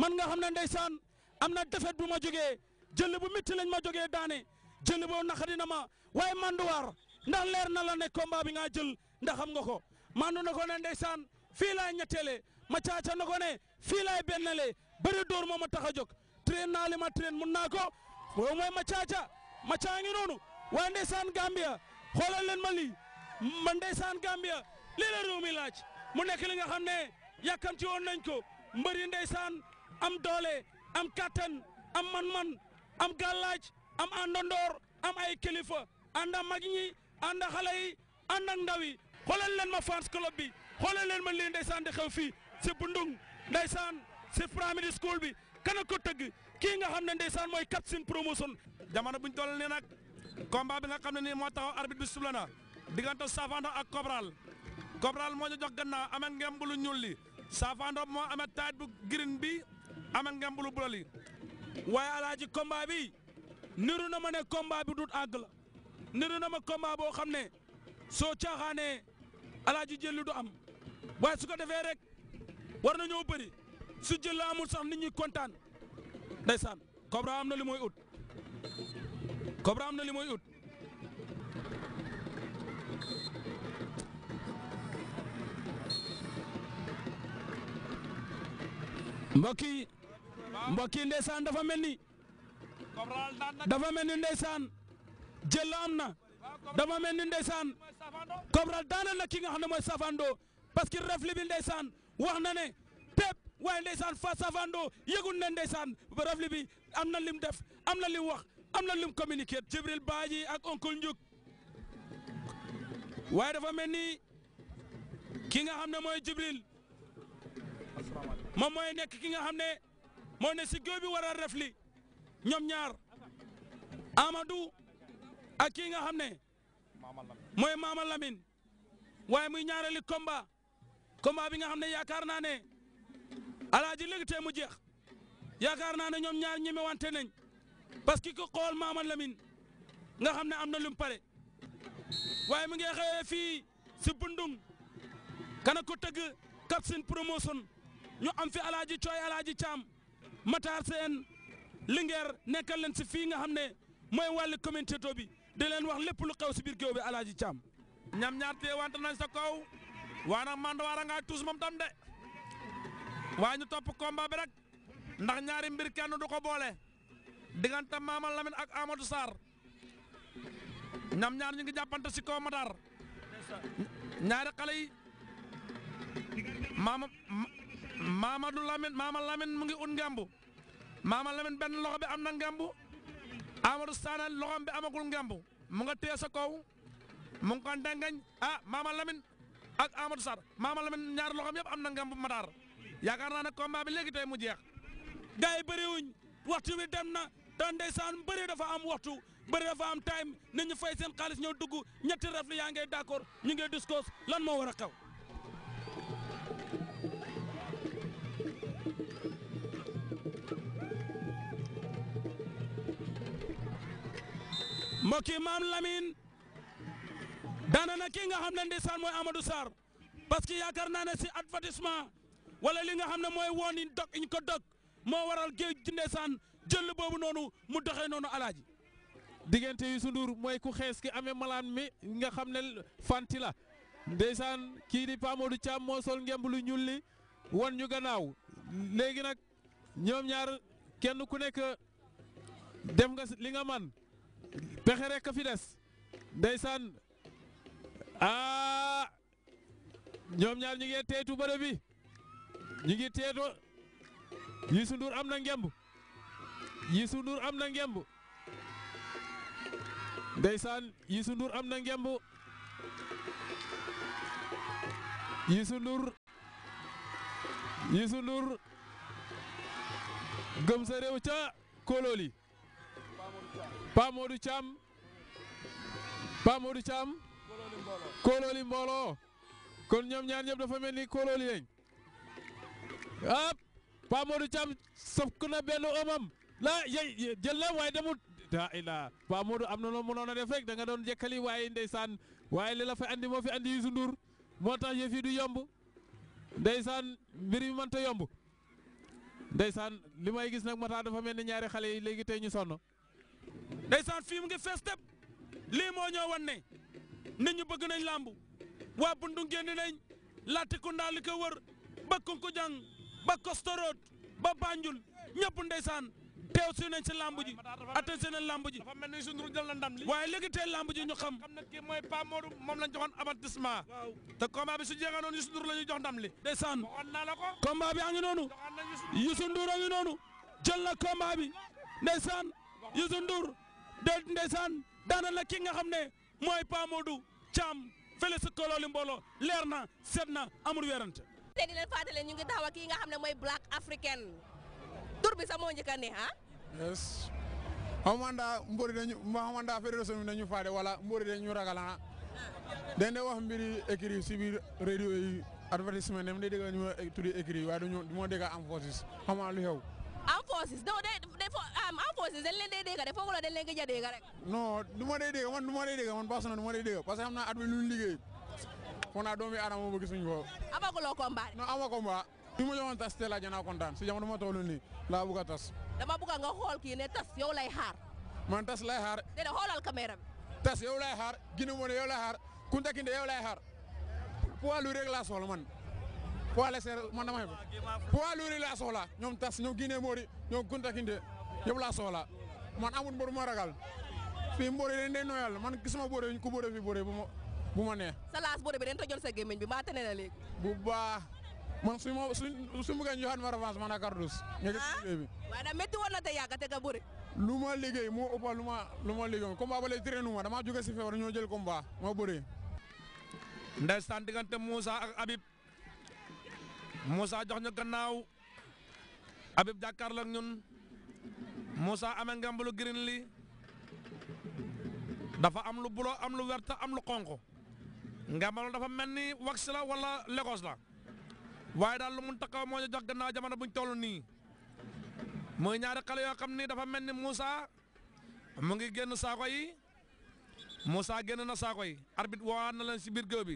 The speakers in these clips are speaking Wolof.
man nga xam ne ndeysaan am na defet bu ma jógee jël bu métti lañ ma jógee daane jël boobu naqari na ma waaye manduwaar ndax leer na la ne combat bi ngaa jël ndax xam nga ko mandu na ko ne ndeysaan fii laay ñetteele ma caaca na ko ne fii laay bennale bëri dóor moo ma tax a jóg train naa ma train mun naa ko woowu ma caaca ma caa ngi noonu waaye ndeysaan Gambia xoolal ma lii man ndeysaan Gambia lii la réew mi mu nekk li nga xam ne yàkkamti woon nañ ko mbëri ndeysaan am doole am kàttan am man-man am gàllaaj am àndandoor am ay kilifa ànd ak mag ñi ànd ak xale yi ànd ndaw yi xoolal leen ma fans club bi xoolal leen ma lii ndeysaan di xew fii si bundung ndeysaan si primary school bi kan ko tëgg kii nga xam ne ndeysaan mooy Kapsin promotion jamono buñ toll nii nag combat bi nga xam ne nii moo taxaw arbitre bi sufle na diggante ak Kobral Kobral moo ñu jox gannaaw amee ngemb lu ñuul li Safando moo amee bi ama ngeen bulu bula li waaye alaaji combat bi niru na ma ne combat bi dut àgg la niru na ma combat boo xam ne soo caaxaanee alaaji jëlli du am waaye su ko defee rek war na ñoo bëri su jël la amul sax nit ñi kontaan ndeysaan Cobra am na li mooy ut Cobra na li mooy ut mbokk yi mbokk yi ndeysaan dafa mel ni dafa mel ni ndeysaan jël la am na dafa mel ni ndeysaan Cobral daaneel na ki nga xam ne mooy Safando parce que refli bi ndeysaan wax na ne pep waaye ndeysaan fa Safando yëgul ne ndeysaan refli bi am na lim def am na lim wax am na lim communiqué Jibril Baaji ak oncle Ndiouk waaye dafa mel ni ki nga xam ne mooy Jibril. moom mooy nekk ki nga xam ne moo ne si géew bi war a refli ñoom ñaar Amadou ak ki nga xam ne mooy Mama Lamine waaye muy ñaareeli combat combat bi nga xam ne yaakaar naa ne alaaji léegi tee mu jeex yaakaar naa ne ñoom ñaar ñemewante nañ parce que ko xool Mama Lamine nga xam ne am na lu waaye mu ngi xewee fii si Bundung kana ko tëgg Kapsin promotion ñu am fi alaaji cooy alaaji caam Matar seen Linguère nekkal leen si fii nga xam ne mooy wàllu commune Tieto bi di leen wax lépp lu xew si biir géew bi alaaji caam ñam ñaar tee nañ sa kaw waa nag man war tuus moom tam de waa topp combat bi rek ndax ñaari mbir kenn du ko boole diggante Mama Lamine ak Amadou Sarr ñam ñaar ñu ngi jàppante si kaw Matar ñaari xale yi maama Mamadou Lamine Mama Lamine mu ngi un ngambu Mama Lamine ben loxo bi am na ngambu Amadou Sana loxom bi amagul ngambu mu nga téye sa mu ngi ah Mama Lamine ak Amadou sar Mama Lamine ñaar loxom yeb am na ngambu Matar yaakar na ne combat bi legui tay mu jeex. gay yi wuñ waxtu bi dem na dafa am waxtu Beri dafa am time nit ñu fay seen xaalis ñoo dugg ñetti ref li ngay d'accord ñu ngi discuss lan mo wara mbokki maam Lamine daana na ki nga xam ne ndeysaan mooy Amadou Sarr parce que yaakaar naa ne si avertissement wala li nga xam ne mooy woon in dog iñ ko dog moo waral géej gi ndeysaan jël boobu noonu mu doxee noonu alaaji diggante Youssou Ndour mooy ku xees ki amee malaan mi nga xam ne fanti la ndeysaan kii di Pa Modou moo sol ngemb lu ñuul li won ñu gannaaw léegi nag ñoom ñaar kenn ku nekk def nga li nga man pexe rek fi des ndeysaan ah ñoom ñaar ñu ngi teetu bëre bi ñu ngi teeto Youssou nduur am na ngemb Youssou Ndour am na ngemb ndeysaan Youssou nduur am na ngemb Youssou Ndour Youssou Ndour gëm sa réew ca kóolóoli Pa Modou Thiam Pa Modou Thiam Kololi Mbolo kon ñoom ñaar ñëpp dafa mel ni lañ hop Pa Modou omam la yai, na waaye demut da ila Pa Modou am na loo mënoon a def rek da nga doon jekkali waaye ndeysaan waaye li la fa andi moo fi andi Youssou Ndour moo tax yëf yi du yomb mbir yomb gis dafa ñaari ñu ndeysaan fii mu ngi fees tepp lii moo ñoo wan ne nit ñu bëgg nañ làmb waa bundu génn nañ Latrikunda li ko wër ba Kunkujang ba Kostoroot ba Banjul ñëpp ndeysaan teew si nañ si làmb ji atte si nañ làmb ji waaye léegi teel làmb ji ñu xam xam ne kii mooy Pa Modou moom lañ joxoon avertissement te combat bi su jeexee noonu Youssou Ndour la ñuy jox ndam li ndeysaan combat bi a ngi noonu Youssou Ndour a ngi noonu jël na combat bi ndeysaan Youssou Ndour déet ndeysaan daaneel na ki nga xam moy Pa Modou cham fële sa kolooli mbooloo leer na seet amul weerante. te di leen fàttali ñu ngi taxaw ki nga xam moy Black African tour bi sa mo njëkk a ha ah? yes amanda mbori dañu amanda fédération bi dañu faade wala mbori dañu ragalana ah? dañ de wax mbiri écrit ci bir radio yi advertisement dem day dégg ñu tuddi écrit wa duñu mo dégg am forces xamaa lu xew forces non day day fo de fooguloo dañ leen gëj a rek. non du ma dee man du ma dee man bas na du ma dee dégg parce que naa at mi lu ñu liggéey foog naa doomi aadama moo bëgg suñu bopp. amaguloo combat de. ama combat. bi ma joxoon tas teel a kontaan si jamono ma toll laa bëgg tas. dama bëgg nga xool kii ne tas yow lay xaar. man tas lay xaar. déedéet xoolal caméra bi. tas yow lay xaar Guinée Mone yow lay xaar Kunta Kinte yow lay xaar poids lu rek poids léger man dama xeeb poids lourd laa soxla ñoom tas ñoom Guinée Mori ñoom Kunta Kinde laa soxla man amul mbër ma ragal fii mbër yi dañ dee man gisuma bëre ñu ko bëre fi bëre bu ma bu ma nee. sa laas bëre bi dañ tojol sa gémmiñ bi maa tene la léegi. bu baax man suñ ma suñ suñ bëggee ñu joxaat ma revanche man ak Cardouz. ñebe ji ah? bi waaw waaye nag na te yàgg te nga bëre. lu ma liggéey moo ëppal lu ma lu ma liggéey ba lay traîner ma damaa si feebar ñoo jël combat ma bëre. ndeysaan diggante Moussa ak Moussa jox ñu gannaaw Habib Dakar ak ñun Moussa amee green li dafa am lu bulo am lu werta am lu xonq ngembalu dafa melni wax la wala legos la waye dal lu mu taxaw mo jox gannaaw jamono buñ tollu ni moy ñaari xale yo xamni dafa melni Musa Moussa mu ngi genn saako yi Moussa genn na saako yi arbitre na bi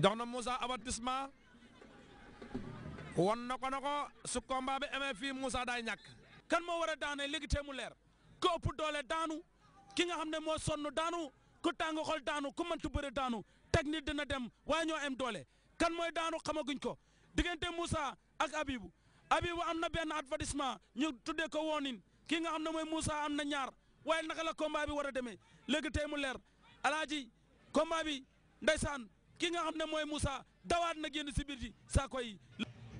jox na Moussa avertissement won na ko na ko su bi amee fii Moussa daay ñàkk. kan moo war a daanee léegi te mu leer ku ëpp doole daanu ki nga xam ne moo sonn daanu ku tàng xol daanu ku mëntu bëre daanu technique dina dem waaye ñoo am doole kan mooy daanu xamaguñ ko diggante Moussa ak Abibu Abibu am na benn avertissement ñu tuddee ko woonin ki nga xam ne mooy Moussa am na ñaar waaye naka la combat bi war a demee léegi tey mu leer alaaji combat bi ndeysaan ki nga xam ne mooy Moussa dawaat na génn si biir ji saako yi.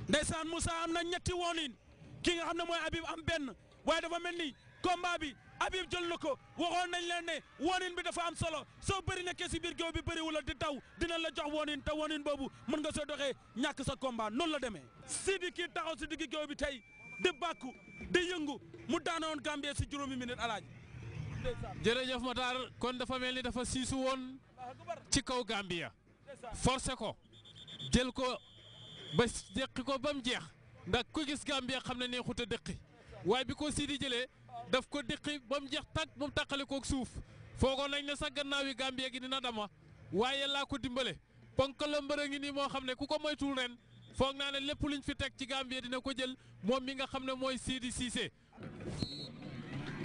ndeysaan Moussa am na ñetti wooniin ki nga xam ne mooy Habib am benn waaye dafa mel ni combat bi Habib jël na ko waxoon nañ leen ne wooniin bi dafa am solo soo bëri nekkee si biir géew bi bëri wula di taw dina la jox wooniin te wooniin boobu mën nga soo doxee ñàkk sa combat noonu la demee. Sidi kii taxaw si digg géew bi tey di bàkku di yëngu mu daanoon Gambie si juróomi ne alaaj jërëjëf Matar kon dafa mel ni dafa siisu woon ci kaw forcé ko jël ko ba déqi ko ba mu jeex ndax ku gis Gambia xam ne neexut a dëqi waaye bi ko Sidi jële daf ko dëqi ba mu jeex tàkk ba mu tàqale koog suuf foogoon nañ ne sax gannaaw yi Gambia gi dina dama waaye laa ko dimbale ponk la mbërë ngi nii moo xam ne ku ko moytuwul ren foog naa ne lépp luñ fi teg ci Gambia dina ko jël moom mi nga xam ne mooy Sidi Cissé.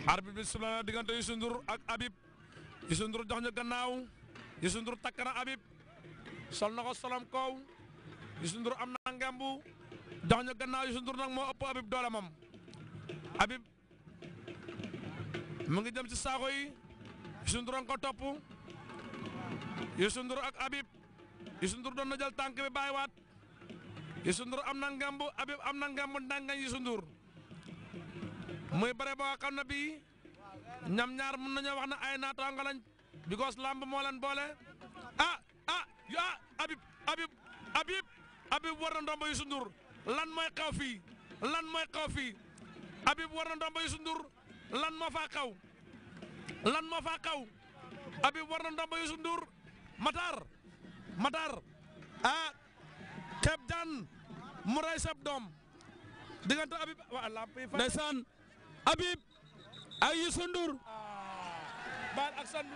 arbitre bi sifflé na diggante Youssou Ndour ak Habib Youssou Ndour jox ñu gannaaw Youssou Ndour takk na sol na ko solom koow Youssou Ndour am na ngembu dox gannaaw Youssou Ndour nag moo ëpp abib doole mom abib mu ngi dem ci saako yi Youssou Ndour nga ko topp Youssou ak abib Youssou Ndour doon na jël tànk bi bàyyiwaat Youssou Ndour am na ngambu abib am na ngembu ndangañ Youssou muy bare boo xam ne bii ñam ñaar mun nañu wax na ay lañ because lamb moo leen boole ah yaa Habib Habib Habib Habib war na ndomba Youssou Ndour lan mooy xaw fii lan mooy xaw fii Habib war na ndomba Youssou Ndour lan moo faa xaw lan moo faa xaw Habib war na ndomba Youssou Ndour Matar Matar ah xeeb daan mu rey sab doom diggante Habib ay Youssou Ndour baal ak sandu